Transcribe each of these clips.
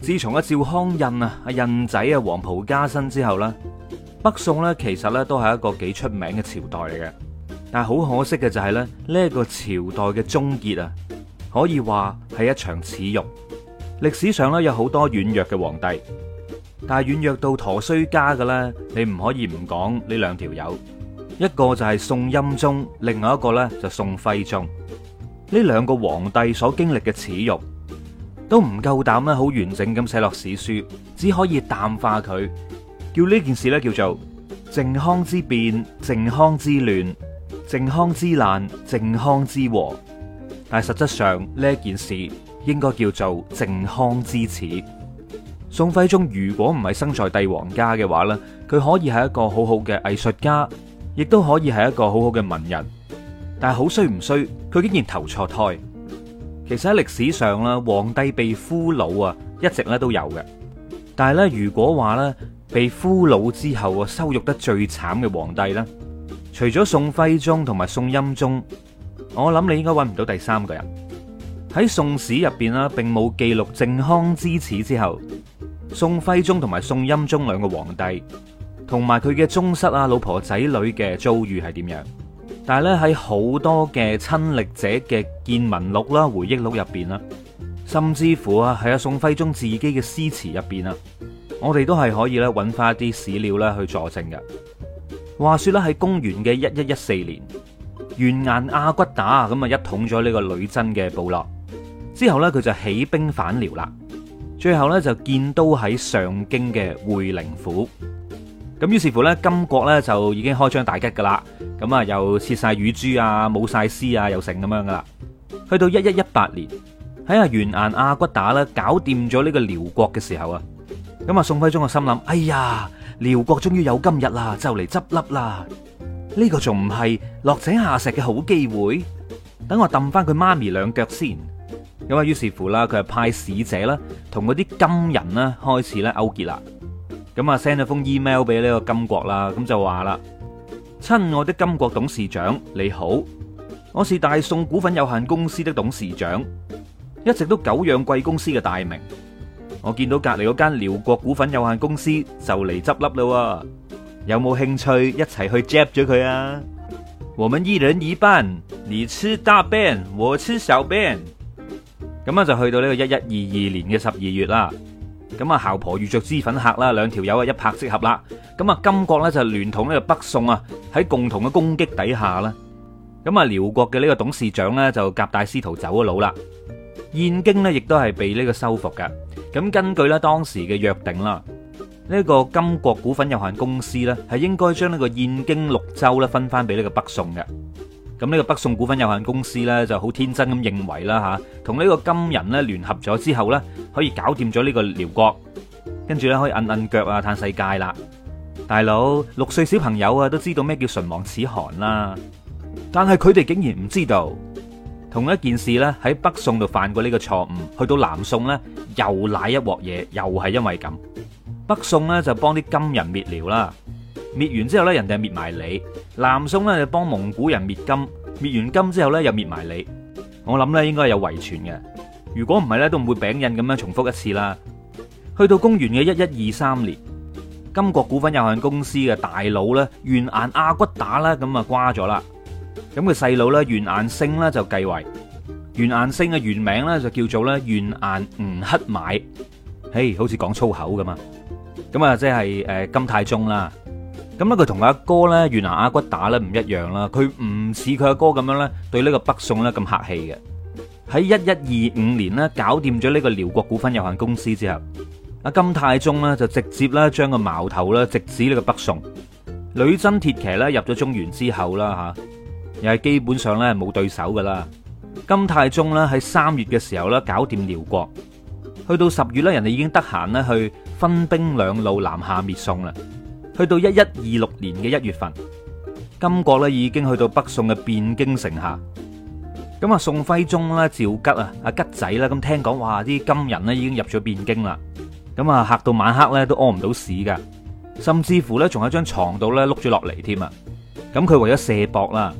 自從阿趙匡胤啊、阿胤仔啊、黃袍加身之後啦，北宋咧其實咧都係一個幾出名嘅朝代嚟嘅，但係好可惜嘅就係咧，呢一個朝代嘅終結啊，可以話係一場恥辱。歷史上咧有好多軟弱嘅皇帝，但係軟弱到陀衰家嘅咧，你唔可以唔講呢兩條友，一個就係宋欽宗，另外一個咧就宋徽宗。呢兩個皇帝所經歷嘅恥辱。都唔夠膽啦，好完整咁寫落史書，只可以淡化佢，叫呢件事呢叫做靖康之變、靖康之亂、靖康之難、靖康之禍。但係實質上呢件事應該叫做靖康之恥。宋徽宗如果唔係生在帝王家嘅話呢，佢可以係一個好好嘅藝術家，亦都可以係一個好好嘅文人。但係好衰唔衰，佢竟然投錯胎。其實喺歷史上啦，皇帝被俘虜啊，一直咧都有嘅。但係咧，如果話咧被俘虜之後啊，羞辱得最慘嘅皇帝咧，除咗宋徽宗同埋宋欽宗，我諗你應該揾唔到第三個人。喺宋史入邊啦，並冇記錄靖康之恥之後，宋徽宗同埋宋欽宗兩個皇帝同埋佢嘅宗室啊、老婆仔女嘅遭遇係點樣？但係咧喺好多嘅親歷者嘅見聞錄啦、回憶錄入邊啦，甚至乎啊係阿宋徽宗自己嘅詩詞入邊啦，我哋都係可以咧揾翻一啲史料咧去佐證嘅。話說咧喺公元嘅一一一四年，完顏阿骨打啊咁啊一統咗呢個女真嘅部落，之後咧佢就起兵反遼啦，最後咧就建都喺上京嘅會寧府。咁於是乎咧，金國呢就已經開張大吉噶啦，咁啊又切晒乳豬啊，冇晒絲啊，又成咁樣噶啦。去到一一一八年，喺阿完顏阿骨打咧搞掂咗呢個遼國嘅時候啊，咁啊宋徽宗個心諗：哎呀，遼國終於有今日啦，就嚟執笠啦！呢個仲唔係落井下石嘅好機會？等我揼翻佢媽咪兩腳先。咁啊，於是乎啦，佢係派使者啦，同嗰啲金人呢開始咧勾結啦。咁啊，send 咗封 email 俾呢個金國啦，咁就話啦，親愛的金國董事長，你好，我是大宋股份有限公司的董事長，一直都久仰貴公司嘅大名，我見到隔籬嗰間遼國股份有限公司就嚟執笠啦，有冇興趣一齊去接咗佢啊？我們一人一半，你吃大便，我吃小便，咁啊就去到呢個一一二二年嘅十二月啦。咁啊，姣婆遇着脂粉客啦，兩條友啊一拍即合啦。咁啊，金國咧就聯同呢個北宋啊，喺共同嘅攻擊底下啦。咁啊，遼國嘅呢個董事長咧就夾帶私逃走咗佬啦。燕京咧亦都係被呢個收復噶。咁根據咧當時嘅約定啦，呢個金國股份有限公司咧係應該將呢個燕京六州咧分翻俾呢個北宋嘅。咁呢個北宋股份有限公司咧就好天真咁認為啦吓，同呢個金人咧聯合咗之後咧，可以搞掂咗呢個遼國，跟住咧可以摁摁腳啊嘆世界啦。大佬六歲小朋友啊都知道咩叫唇亡齒寒啦，但係佢哋竟然唔知道。同一件事咧喺北宋度犯過呢個錯誤，去到南宋咧又瀨一鑊嘢，又係因為咁。北宋咧就幫啲金人滅遼啦。滅完之後咧，人哋係滅埋你。南宋咧就幫蒙古人滅金，滅完金之後咧又滅埋你。我諗咧應該係有遺傳嘅。如果唔係咧都唔會餅印咁樣重複一次啦。去到公元嘅一一二三年，金國股份有限公司嘅大佬咧，完顏阿骨打啦，咁啊瓜咗啦。咁佢細佬咧，完顏晟咧就繼位。完顏晟嘅原名咧就叫做咧完顏吳乞買，誒，好似講粗口咁啊。咁啊，即係誒金太宗啦。咁咧，佢同阿哥呢，原來阿骨打呢唔一樣啦。佢唔似佢阿哥咁樣呢，對呢個北宋呢咁客氣嘅。喺一一二五年呢，搞掂咗呢個遼國股份有限公司之後，阿金太宗呢就直接咧將個矛頭呢直指呢個北宋。女真鐵騎呢入咗中原之後啦，吓又係基本上呢冇對手噶啦。金太宗呢喺三月嘅時候呢搞掂遼國，去到十月呢，人哋已經得閒呢去分兵兩路南下滅宋啦。去到一一二六年嘅一月份，金國咧已經去到北宋嘅汴京城下。咁啊，宋徽宗啦、趙佶啊、阿吉仔啦，咁聽講話，啲金人咧已經入咗汴京啦。咁啊，嚇到晚黑咧都屙唔到屎噶，甚至乎咧仲喺張床度咧碌咗落嚟添啊。咁佢為咗卸膊啦，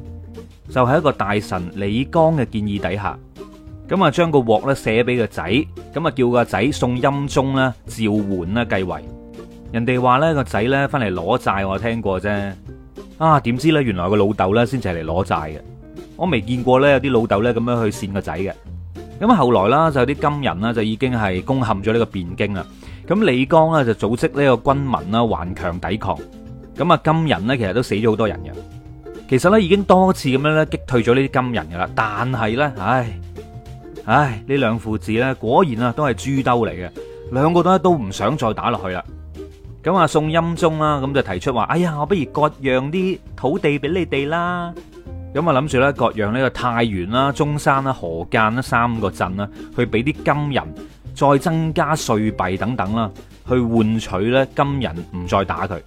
就喺一個大臣李綱嘅建議底下，咁啊將個鑊咧卸俾個仔，咁啊叫個仔宋欽宗咧召喚啦繼位。人哋話呢個仔呢翻嚟攞債，我聽過啫。啊，點知呢？原來個老豆呢先至係嚟攞債嘅。我未見過呢有啲老豆呢咁樣去扇個仔嘅。咁後來啦，就有啲金人呢就已經係攻陷咗呢個汴京啦。咁李綱呢就組織呢個軍民啦，頑強抵抗。咁啊金人呢其實都死咗好多人嘅。其實呢已經多次咁樣呢擊退咗呢啲金人噶啦。但係呢，唉唉呢兩父子呢果然啊都係豬兜嚟嘅，兩個都都唔想再打落去啦。咁啊，宋欽宗啦，咁就提出話：哎呀，我不如割讓啲土地俾你哋啦。咁啊，諗住咧割讓呢個太原啦、中山啦、河間啦三個鎮啦，去俾啲金人，再增加稅幣等等啦，去換取咧金人唔再打佢。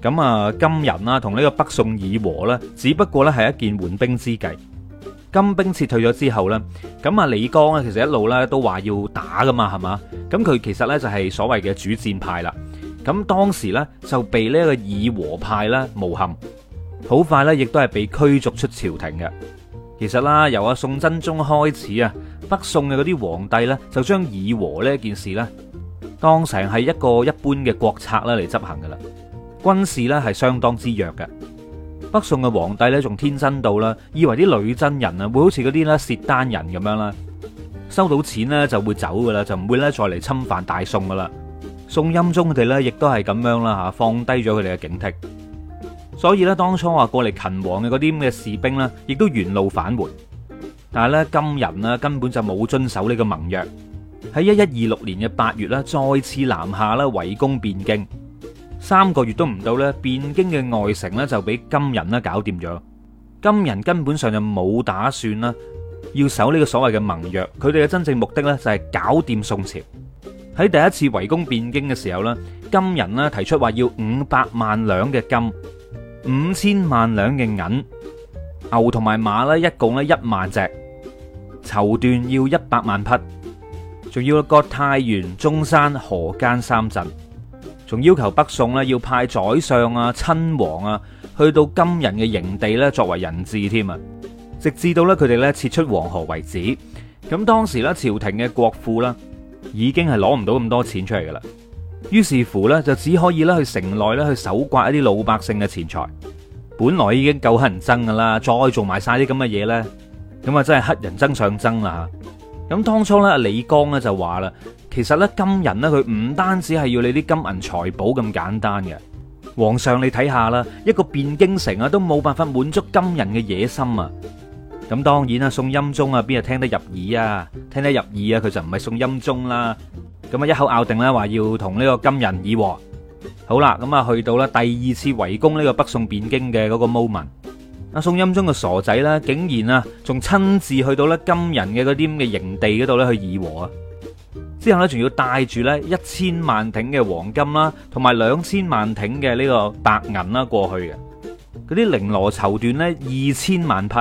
咁啊，金人啊，同呢個北宋以和咧，只不過咧係一件緩兵之計。金兵撤退咗之後咧，咁啊，李綱咧，其實一路咧都話要打噶嘛，係嘛？咁佢其實咧就係所謂嘅主戰派啦。咁當時咧就被呢個以和派咧誣陷，好快呢亦都係被驅逐出朝廷嘅。其實啦，由阿宋真宗開始啊，北宋嘅嗰啲皇帝呢就將以和呢件事呢當成係一個一般嘅國策啦嚟執行嘅啦，軍事呢係相當之弱嘅。北宋嘅皇帝呢仲天真到啦，以為啲女真人啊會好似嗰啲咧契丹人咁樣啦，收到錢呢就會走噶啦，就唔會咧再嚟侵犯大宋噶啦。宋欽宗佢哋咧，亦都係咁樣啦，吓放低咗佢哋嘅警惕。所以咧，當初話過嚟，勤王嘅嗰啲咁嘅士兵呢，亦都原路返回。但係咧，金人呢，根本就冇遵守呢個盟約。喺一一二六年嘅八月咧，再次南下咧，圍攻汴京。三個月都唔到咧，汴京嘅外城呢，就俾金人呢搞掂咗。金人根本上就冇打算啦，要守呢個所謂嘅盟約。佢哋嘅真正目的咧就係搞掂宋朝。喺第一次圍攻汴京嘅時候呢，金人呢，提出話要五百萬兩嘅金、五千萬兩嘅銀、牛同埋馬呢一共呢一萬隻，綢緞要一百萬匹，仲要割太原、中山、河間三鎮，仲要求北宋呢要派宰相啊、親王啊去到金人嘅營地呢作為人質添啊，直至到呢佢哋呢撤出黃河為止。咁當時呢，朝廷嘅國庫啦。已經係攞唔到咁多錢出嚟噶啦，於是乎呢，就只可以咧去城內咧去搜刮一啲老百姓嘅錢財。本來已經夠乞人憎噶啦，再做埋晒啲咁嘅嘢呢，咁啊真係乞人憎上憎啦。咁當初呢，李剛呢就話啦，其實呢，金人呢，佢唔單止係要你啲金銀財寶咁簡單嘅，皇上你睇下啦，一個汴京城啊都冇辦法滿足金人嘅野心啊。咁當然啦，宋欽宗啊，邊係聽得入耳啊？聽得入耳啊，佢就唔係宋欽宗啦。咁啊，一口咬定咧，話要同呢個金人議和。好啦，咁啊，去到咧第二次圍攻呢個北宋汴京嘅嗰個 moment，阿宋欽宗個傻仔咧，竟然啊，仲親自去到咧金人嘅嗰啲咁嘅營地嗰度咧去議和啊。之後咧，仲要帶住咧一千萬挺嘅黃金啦，同埋兩千萬挺嘅呢個白銀啦過去嘅嗰啲綾羅綢緞咧二千萬匹。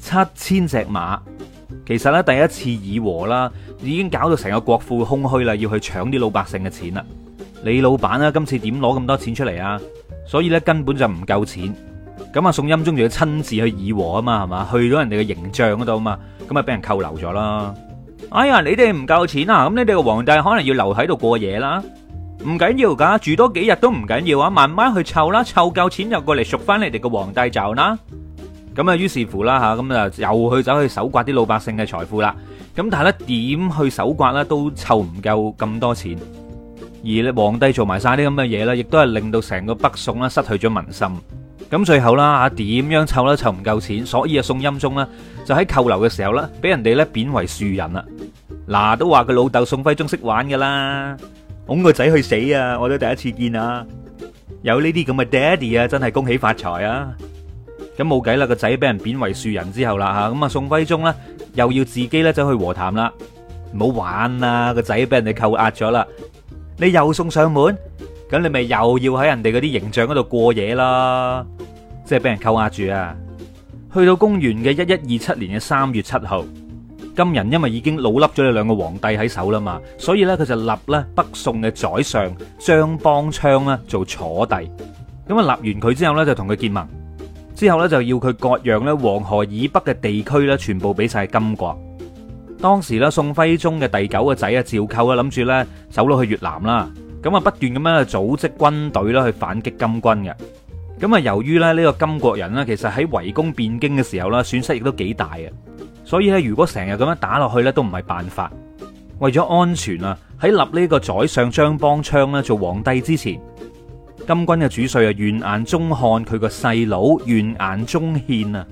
七千隻馬，其實咧第一次議和啦，已經搞到成個國庫空虛啦，要去搶啲老百姓嘅錢啦。李老闆啊，今次點攞咁多錢出嚟啊？所以咧根本就唔夠錢。咁、嗯、啊，宋欽宗仲要親自去議和啊嘛，係嘛？去咗人哋嘅營帳嗰度啊嘛，咁啊俾人扣留咗啦。哎呀，你哋唔夠錢啊？咁你哋個皇帝可能要留喺度過夜啦。唔緊要噶，住多幾日都唔緊要啊，慢慢去湊啦，湊夠錢就過嚟贖翻你哋個皇帝就啦。咁啊，於是乎啦吓，咁啊又去走去搜刮啲老百姓嘅財富啦。咁但係咧，點去搜刮咧都湊唔夠咁多錢，而皇帝做埋晒啲咁嘅嘢咧，亦都係令到成個北宋啦失去咗民心。咁最後啦，點樣湊咧湊唔夠錢，所以啊，宋欽宗呢就喺扣留嘅時候咧，俾人哋咧貶為庶人啦。嗱，都話個老豆宋徽宗識玩噶啦，哄個仔去死啊！我都第一次見啊，有呢啲咁嘅爹哋啊，真係恭喜發財啊！咁冇計啦，個仔俾人貶為庶人之後啦，吓，咁啊宋徽宗咧又要自己咧走去和談啦，唔好玩啦，個仔俾人哋扣押咗啦，你又送上門，咁你咪又要喺人哋嗰啲形象嗰度過夜啦，即係俾人扣押住啊！去到公元嘅一一二七年嘅三月七號，金人因為已經老笠咗你兩個皇帝喺手啦嘛，所以咧佢就立咧北宋嘅宰相張邦昌咧做楚帝，咁啊立完佢之後咧就同佢結盟。之後咧就要佢割讓咧黃河以北嘅地區咧，全部俾晒金國。當時咧，宋徽宗嘅第九個仔啊，趙構啦，諗住咧走咗去越南啦，咁啊不斷咁樣組織軍隊啦去反擊金軍嘅。咁啊，由於咧呢個金國人咧，其實喺圍攻汴京嘅時候啦，損失亦都幾大啊。所以咧，如果成日咁樣打落去咧，都唔係辦法。為咗安全啊，喺立呢個宰相張邦昌啦做皇帝之前。金軍嘅主帥啊，完顏宗翰佢個細佬完顏宗憲啊，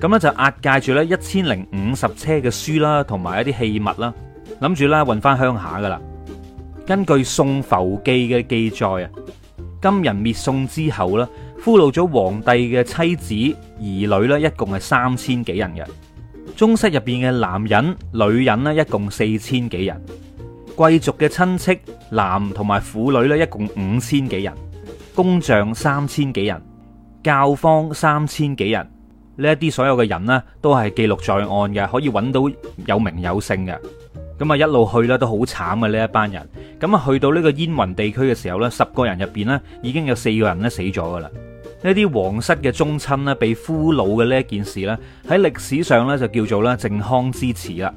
咁咧就押解住咧一千零五十車嘅書啦，同埋一啲器物啦，諗住啦運翻鄉下噶啦。根據《宋俘記》嘅記載啊，金人滅宋之後啦，俘虜咗皇帝嘅妻子兒女啦，一共係三千幾人嘅宗室入邊嘅男人女人呢，一共四千幾人，貴族嘅親戚男同埋婦女咧，一共五千幾人。工匠三千幾人，教坊三千幾人，呢一啲所有嘅人呢，都係記錄在案嘅，可以揾到有名有姓嘅。咁啊，一路去咧都好慘嘅呢一班人。咁啊，去到呢個燕雲地區嘅時候呢，十個人入邊呢，已經有四個人呢死咗噶啦。呢啲皇室嘅宗親呢，被俘虜嘅呢一件事呢，喺歷史上呢，就叫做咧靖康之恥啦。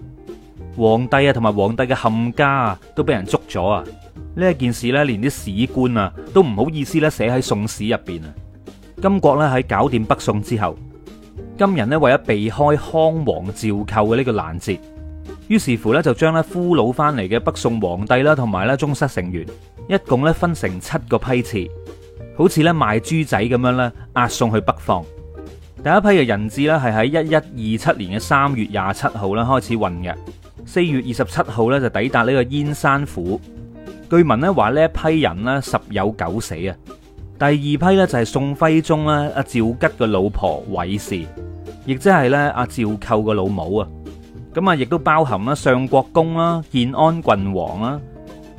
皇帝啊，同埋皇帝嘅冚家啊，都俾人捉咗啊！呢一件事咧、啊，連啲史官啊都唔好意思咧寫喺宋史入邊啊！金國咧喺搞掂北宋之後，金人咧為咗避開康王趙構嘅呢個攔截，於是乎咧就將咧俘虜翻嚟嘅北宋皇帝啦，同埋咧宗室成員，一共咧分成七個批次，好似咧賣豬仔咁樣咧押送去北方。第一批嘅人質啦，係喺一一二七年嘅三月廿七號啦開始運嘅，四月二十七號咧就抵達呢個燕山府。據聞咧話呢一批人咧十有九死啊！第二批呢就係宋徽宗啦，阿趙佶個老婆韋氏，亦即係咧阿趙構個老母啊！咁啊，亦都包含啦相國公啦、建安郡王啦、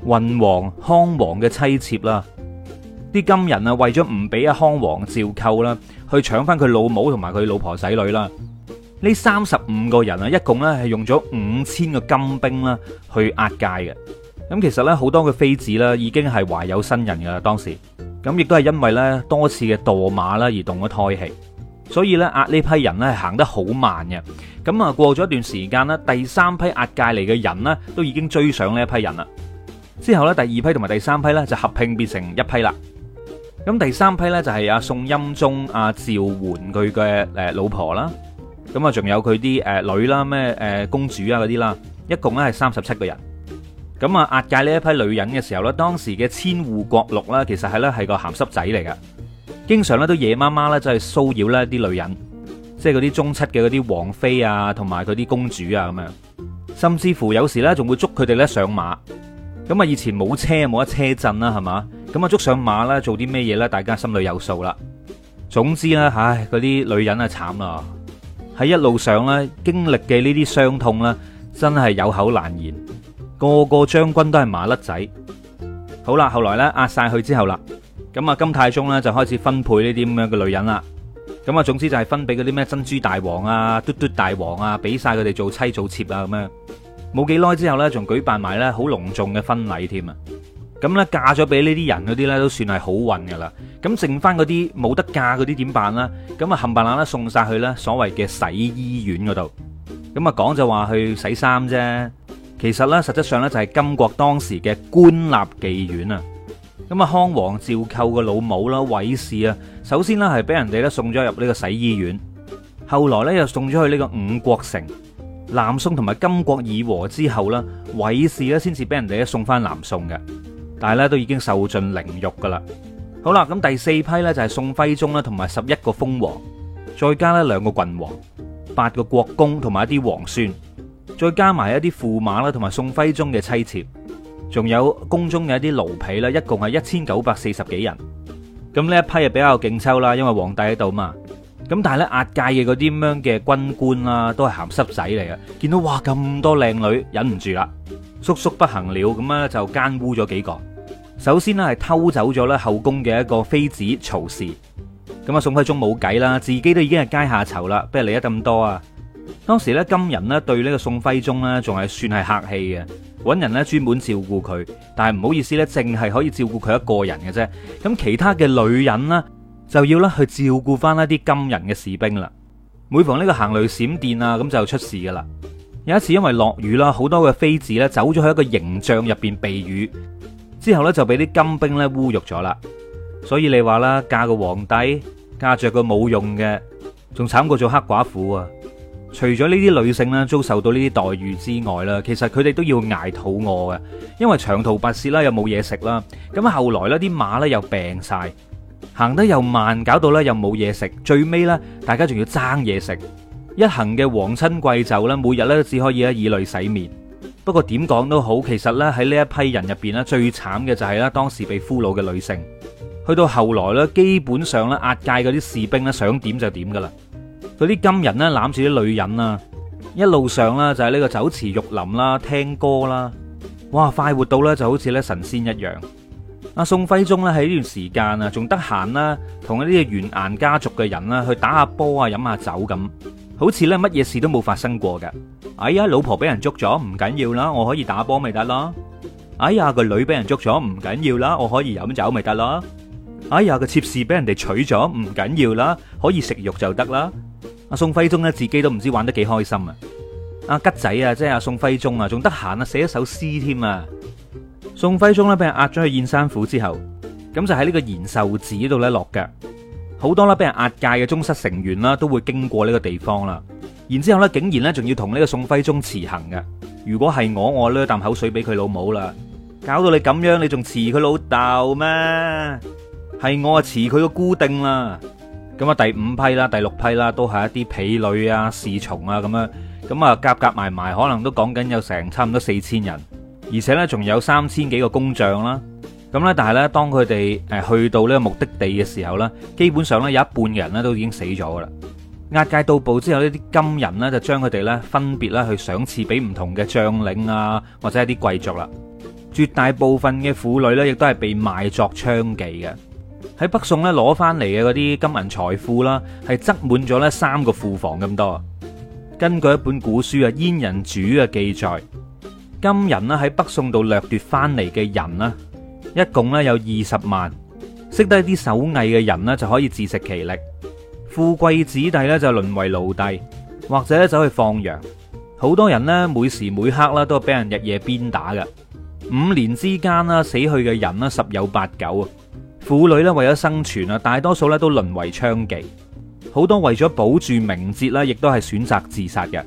郡王康王嘅妻妾啦。啲金人啊，為咗唔俾阿康王趙構啦去搶翻佢老母同埋佢老婆仔女啦，呢三十五個人啊，一共咧係用咗五千個金兵啦去押解嘅。咁其實咧，好多嘅妃子咧已經係懷有新人噶啦。當時咁亦都係因為咧多次嘅墮馬啦而動咗胎氣，所以咧壓呢批人咧係行得好慢嘅。咁啊過咗一段時間啦，第三批壓界嚟嘅人呢，都已經追上呢一批人啦。之後咧第二批同埋第三批咧就合併變成一批啦。咁第三批咧就係阿宋欽宗阿趙桓佢嘅誒老婆啦，咁啊仲有佢啲誒女啦咩誒公主啊嗰啲啦，一共咧係三十七個人。咁啊，押解呢一批女人嘅時候咧，當時嘅千戶國祿咧，其實係咧係個鹹濕仔嚟噶，經常咧都夜媽媽咧就係騷擾咧啲女人，即係嗰啲中七嘅嗰啲王妃啊，同埋嗰啲公主啊咁樣，甚至乎有時咧仲會捉佢哋咧上馬。咁啊以前冇車冇得車震啦，係嘛？咁啊捉上馬啦，做啲咩嘢咧？大家心裏有數啦。總之啦，唉，嗰啲女人啊慘啊，喺一路上咧經歷嘅呢啲傷痛咧，真係有口難言。個個將軍都係麻甩仔，好啦，後來咧壓晒佢之後啦，咁啊金太宗咧就開始分配呢啲咁樣嘅女人啦，咁啊總之就係分俾嗰啲咩珍珠大王啊、嘟嘟大王啊，俾晒佢哋做妻做妾啊咁樣。冇幾耐之後咧，仲舉辦埋咧好隆重嘅婚禮添啊！咁咧嫁咗俾呢啲人嗰啲咧都算係好運噶啦，咁剩翻嗰啲冇得嫁嗰啲點辦啦？咁啊冚唪唥都送晒去啦，所謂嘅洗衣院嗰度，咁啊講就話去洗衫啫。其實咧，實質上咧就係金國當時嘅官立妓院啊！咁啊，康王趙構嘅老母啦，韋氏啊，首先呢，係俾人哋咧送咗入呢個洗衣院，後來咧又送咗去呢個五國城。南宋同埋金國議和之後啦，韋氏咧先至俾人哋咧送翻南宋嘅，但係咧都已經受盡凌辱噶啦。好啦，咁第四批咧就係宋徽宗啦，同埋十一個封王，再加呢兩個郡王，八個國公，同埋一啲皇孫。再加埋一啲駙馬啦，同埋宋徽宗嘅妻妾，仲有宮中嘅一啲奴婢啦，一共係一千九百四十幾人。咁呢一批啊比較勁抽啦，因為皇帝喺度嘛。咁但係咧押解嘅嗰啲咁樣嘅軍官啦，都係鹹濕仔嚟嘅。見到哇咁多靚女，忍唔住啦，叔叔不行了，咁啊就奸污咗幾個。首先呢，係偷走咗啦後宮嘅一個妃子曹氏。咁啊宋徽宗冇計啦，自己都已經係階下囚啦，不如理得咁多啊。當時咧，金人咧對呢個宋徽宗咧，仲係算係客氣嘅，揾人咧專門照顧佢，但係唔好意思咧，淨係可以照顧佢一個人嘅啫。咁其他嘅女人呢，就要咧去照顧翻一啲金人嘅士兵啦。每逢呢個行雷閃電啊，咁就出事噶啦。有一次因為落雨啦，好多嘅妃子咧走咗去一個營帳入邊避雨，之後呢就俾啲金兵咧侮辱咗啦。所以你話啦，嫁個皇帝嫁着個冇用嘅，仲慘過做黑寡婦啊！除咗呢啲女性咧遭受到呢啲待遇之外啦，其實佢哋都要挨肚餓嘅，因為長途跋涉啦，又冇嘢食啦。咁後來呢啲馬咧又病晒，行得又慢，搞到咧又冇嘢食。最尾咧，大家仲要爭嘢食。一行嘅皇親貴胄咧，每日咧只可以以淚洗面。不過點講都好，其實咧喺呢一批人入邊咧最慘嘅就係咧當時被俘虜嘅女性。去到後來咧，基本上咧押解嗰啲士兵咧想點就點噶啦。嗰啲金人咧，攬住啲女人啊，一路上咧就係呢個酒池肉林啦，聽歌啦，哇，快活到咧就好似咧神仙一樣。阿宋徽宗咧喺呢段時間啊，仲得閒啦，同一啲完顏家族嘅人啦，去打下波啊，飲下酒咁，好似咧乜嘢事都冇發生過嘅。哎呀，老婆俾人捉咗，唔緊要啦，我可以打波咪得咯。哎呀，個女俾人捉咗，唔緊要啦，我可以飲酒咪得咯。哎呀，個妾侍俾人哋娶咗，唔緊要啦，可以食肉就得啦。宋徽宗咧自己都唔知玩得幾開心啊！阿吉仔啊，即係阿宋徽宗啊，仲得閒啊，寫一首詩添啊！宋徽宗咧俾人押咗去燕山府之後，咁就喺呢個延壽寺度咧落腳，好多啦俾人押解嘅宗室成員啦都會經過呢個地方啦。然之後咧竟然咧仲要同呢個宋徽宗辭行嘅，如果係我，我甩一啖口水俾佢老母啦，搞到你咁樣，你仲辭佢老豆咩？係我啊辭佢個姑定啦！咁啊，第五批啦、第六批啦，都係一啲婢女啊、侍從啊咁樣，咁啊夾夾埋埋，可能都講緊有成差唔多四千人，而且呢，仲有三千幾個工匠啦。咁呢，但係呢，當佢哋誒去到呢個目的地嘅時候呢，基本上呢，有一半人呢都已經死咗噶啦。押解到步之後，呢啲金人呢就將佢哋呢分別咧去賞賜俾唔同嘅將領啊，或者係啲貴族啦。絕大部分嘅婦女呢，亦都係被賣作娼妓嘅。喺北宋咧攞翻嚟嘅嗰啲金銀財富啦，係塞滿咗咧三個庫房咁多。根據一本古書啊《燕人主》嘅記載，金人啦喺北宋度掠奪翻嚟嘅人啦，一共咧有二十萬。識得一啲手藝嘅人啦就可以自食其力，富貴子弟咧就淪為奴隸，或者走去放羊。好多人咧每時每刻啦都俾人日夜鞭打嘅，五年之間啦死去嘅人啦十有八九啊。婦女咧為咗生存啊，大多數咧都淪為娼妓，好多為咗保住名節咧，亦都係選擇自殺嘅。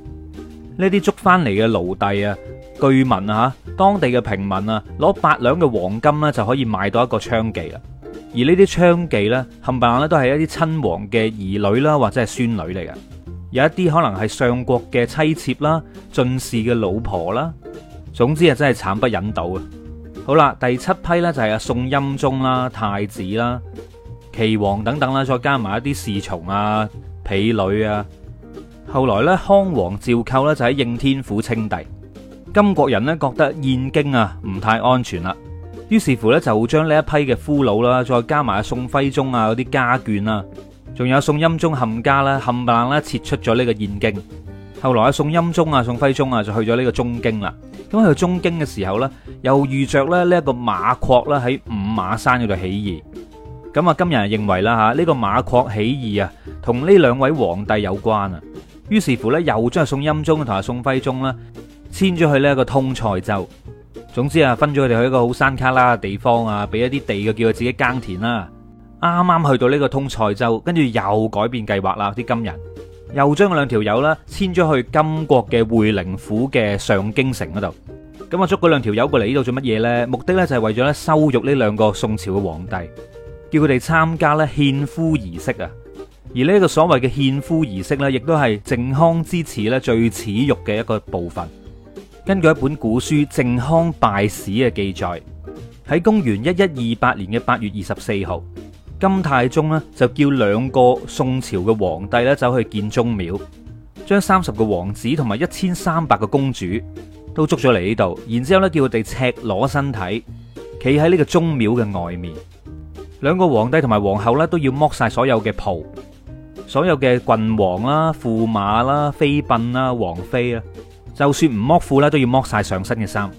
呢啲捉翻嚟嘅奴隸啊，居民啊，當地嘅平民啊，攞八兩嘅黃金咧就可以買到一個娼妓啦。而呢啲娼妓咧，冚唪唥咧都係一啲親王嘅兒女啦，或者係孫女嚟嘅。有一啲可能係上國嘅妻妾啦，進士嘅老婆啦。總之啊，真係慘不忍睹啊！好啦，第七批咧就係啊宋欽宗啦、太子啦、岐王等等啦，再加埋一啲侍從啊、婢女啊。後來咧康王趙構咧就喺應天府稱帝。金國人呢覺得燕京啊唔太安全啦，於是乎咧就將呢一批嘅俘虜啦，再加埋宋徽宗啊嗰啲家眷啦，仲有宋欽宗冚家啦冚唪唥啦撤出咗呢個燕京。後來啊，宋欽宗啊，宋徽宗啊，就去咗呢個中京啦。咁去到中京嘅時候咧，又遇着咧呢一個馬擴啦喺五馬山嗰度起義。咁啊，金人認為啦吓，呢個馬擴起義啊，同呢兩位皇帝有關啊。於是乎咧，又將宋欽宗同啊宋徽宗啦，遷咗去呢一個通菜州。總之啊，分咗佢哋去一個好山卡拉嘅地方啊，俾一啲地嘅叫佢自己耕田啦。啱啱去到呢個通菜州，跟住又改變計劃啦，啲金人。又將兩條友啦遷咗去金國嘅會寧府嘅上京城嗰度，咁啊捉嗰兩條友過嚟呢度做乜嘢呢？目的呢就係為咗咧羞辱呢兩個宋朝嘅皇帝，叫佢哋參加咧獻夫儀式啊。而呢一個所謂嘅獻夫儀式呢，亦都係靖康之恥咧最恥辱嘅一個部分。根據一本古書《靖康稗史》嘅記載，喺公元一一二八年嘅八月二十四號。金太宗咧就叫兩個宋朝嘅皇帝咧走去建宗廟，將三十個王子同埋一千三百個公主都捉咗嚟呢度，然之後咧叫佢哋赤裸身體企喺呢個宗廟嘅外面。兩個皇帝同埋皇后咧都要剝晒所有嘅袍，所有嘅郡王啦、駙馬啦、妃嬪啦、王妃啊，就算唔剝褲啦，都要剝晒上身嘅衫，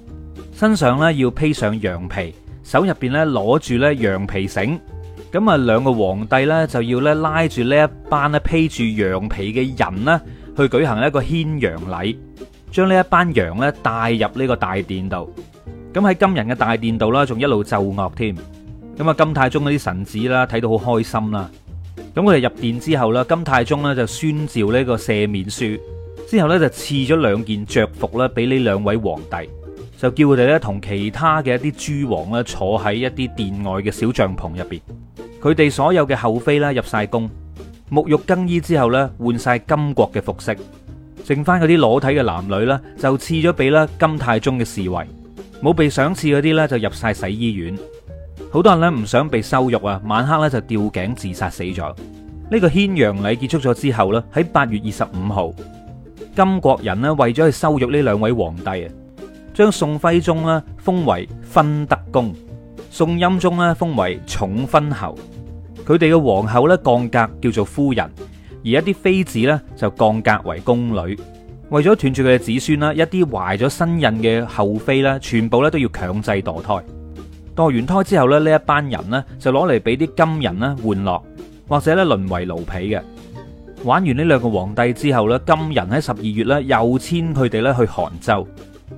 身上咧要披上羊皮，手入邊咧攞住咧羊皮繩。咁啊，兩個皇帝咧就要咧拉住呢一班咧披住羊皮嘅人呢，去舉行一個牽羊禮，將呢一班羊咧帶入呢個大殿度。咁喺金人嘅大殿度啦，仲一路奏樂添。咁啊，金太宗嗰啲臣子啦，睇到好開心啦。咁佢哋入殿之後咧，金太宗咧就宣召呢個赦免書，之後咧就賜咗兩件着服咧，俾呢兩位皇帝。就叫佢哋咧，同其他嘅一啲諸王咧，坐喺一啲殿外嘅小帳篷入邊。佢哋所有嘅后妃呢，入晒宮，沐浴更衣之後呢，換晒金國嘅服飾，剩翻嗰啲裸體嘅男女呢，就賜咗俾啦金太宗嘅侍衛。冇被賞賜嗰啲呢，就入晒洗衣院。好多人呢，唔想被羞辱啊，晚黑呢，就吊頸自殺死咗。呢、這個牽羊禮結束咗之後呢，喺八月二十五號，金國人呢，為咗去羞辱呢兩位皇帝啊。將宋徽宗咧封為昏德公，宋欽宗咧封為重昏侯。佢哋嘅皇后咧降格叫做夫人，而一啲妃子咧就降格為宮女。為咗斷絕佢嘅子孫啦，一啲懷咗身孕嘅后妃啦，全部咧都要強制墮胎。墮完胎之後咧，呢一班人咧就攞嚟俾啲金人咧玩樂，或者呢淪為奴婢嘅。玩完呢兩個皇帝之後咧，金人喺十二月咧又遷佢哋咧去韓州。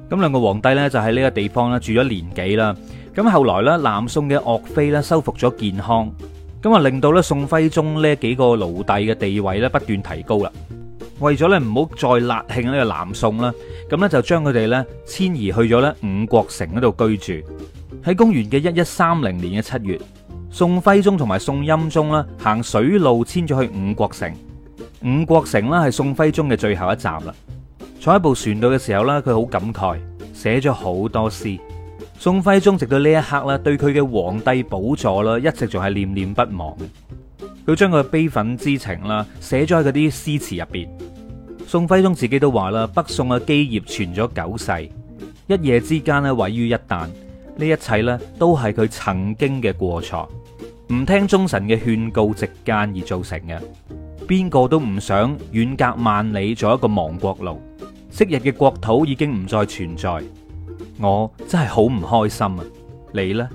咁兩個皇帝咧就喺呢個地方咧住咗年幾啦。咁後來咧，南宋嘅岳飛咧收復咗建康，咁啊令到咧宋徽宗呢幾個奴隸嘅地位咧不斷提高啦。為咗咧唔好再納慶呢個南宋啦，咁咧就將佢哋咧遷移去咗咧五國城嗰度居住。喺公元嘅一一三零年嘅七月，宋徽宗同埋宋欽宗啦行水路遷咗去五國城。五國城呢，係宋徽宗嘅最後一站啦。坐喺部船度嘅時候呢，佢好感慨，寫咗好多詩。宋徽宗直到呢一刻呢，對佢嘅皇帝寶座呢，一直仲係念念不忘。佢將佢悲憤之情啦，寫咗喺嗰啲詩詞入邊。宋徽宗自己都話啦，北宋嘅基業傳咗九世，一夜之間呢毀於一旦。呢一切呢都係佢曾經嘅過錯，唔聽忠臣嘅勸告，直諫而造成嘅。邊個都唔想遠隔萬里做一個亡國奴。昔日嘅國土已經唔再存在，我真係好唔開心啊！你呢？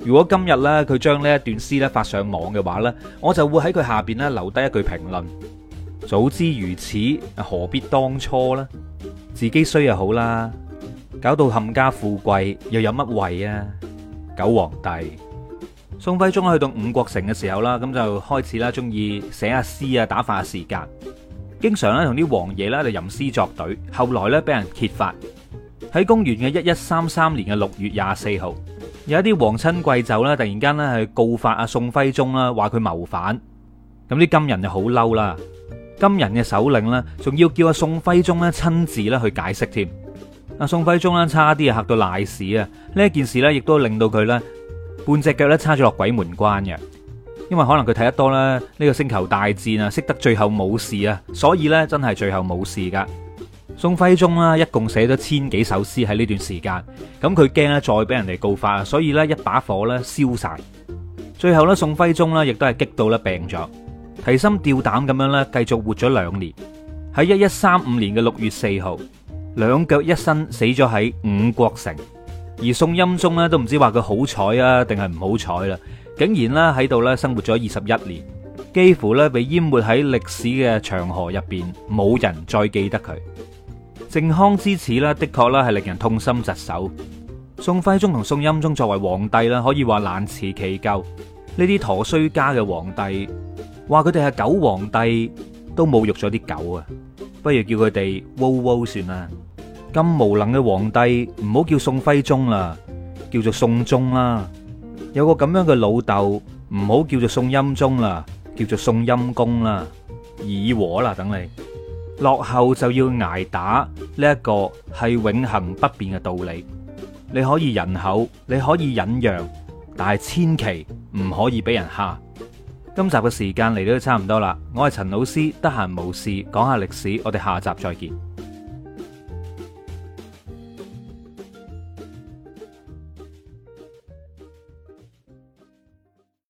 如果今日呢，佢將呢一段詩呢發上網嘅話呢，我就會喺佢下邊呢留低一句評論：早知如此，何必當初呢？自己衰又好啦，搞到冚家富貴又有乜謂啊？狗皇帝宋徽宗去到五國城嘅時候啦，咁就開始啦，中意寫下詩啊，打發下時間。經常咧同啲王爺啦就吟詩作對，後來咧俾人揭發。喺公元嘅一一三三年嘅六月廿四號，有一啲皇親貴胄啦，突然間咧去告發阿宋徽宗啦，話佢謀反。咁啲金人就好嬲啦，金人嘅首領咧，仲要叫阿宋徽宗咧親自咧去解釋添。阿宋徽宗咧差啲啊吓到瀨屎啊！呢一件事咧，亦都令到佢咧半隻腳咧叉咗落鬼門關嘅。因為可能佢睇得多啦，呢個星球大戰啊，識得最後冇事啊，所以呢，真係最後冇事噶。宋徽宗呢，一共寫咗千幾首詩喺呢段時間，咁佢驚咧再俾人哋告發，所以呢，一把火呢燒晒，最後呢，宋徽宗呢，亦都係激到呢病咗，提心吊膽咁樣呢，繼續活咗兩年，喺一一三五年嘅六月四號，兩腳一身死咗喺五國城，而宋欽宗呢，都唔知話佢好彩啊定係唔好彩啦。竟然啦喺度咧生活咗二十一年，幾乎咧被淹沒喺歷史嘅長河入邊，冇人再記得佢。靖康之恥呢的確啦係令人痛心疾首。宋徽宗同宋欽宗作為皇帝啦，可以話難辭其咎。呢啲陀衰家嘅皇帝，話佢哋係狗皇帝，都侮辱咗啲狗啊！不如叫佢哋嗚嗚算啦。咁無能嘅皇帝，唔好叫宋徽宗啦，叫做宋宗啦。有個咁樣嘅老豆，唔好叫做宋欽宗啦，叫做宋陰公啦，耳和啦。等你落後就要挨打，呢一個係永恒不變嘅道理。你可以人口，你可以忍讓，但係千祈唔可以俾人蝦。今集嘅時間嚟到都差唔多啦，我係陳老師，得閒無事講下歷史，我哋下集再見。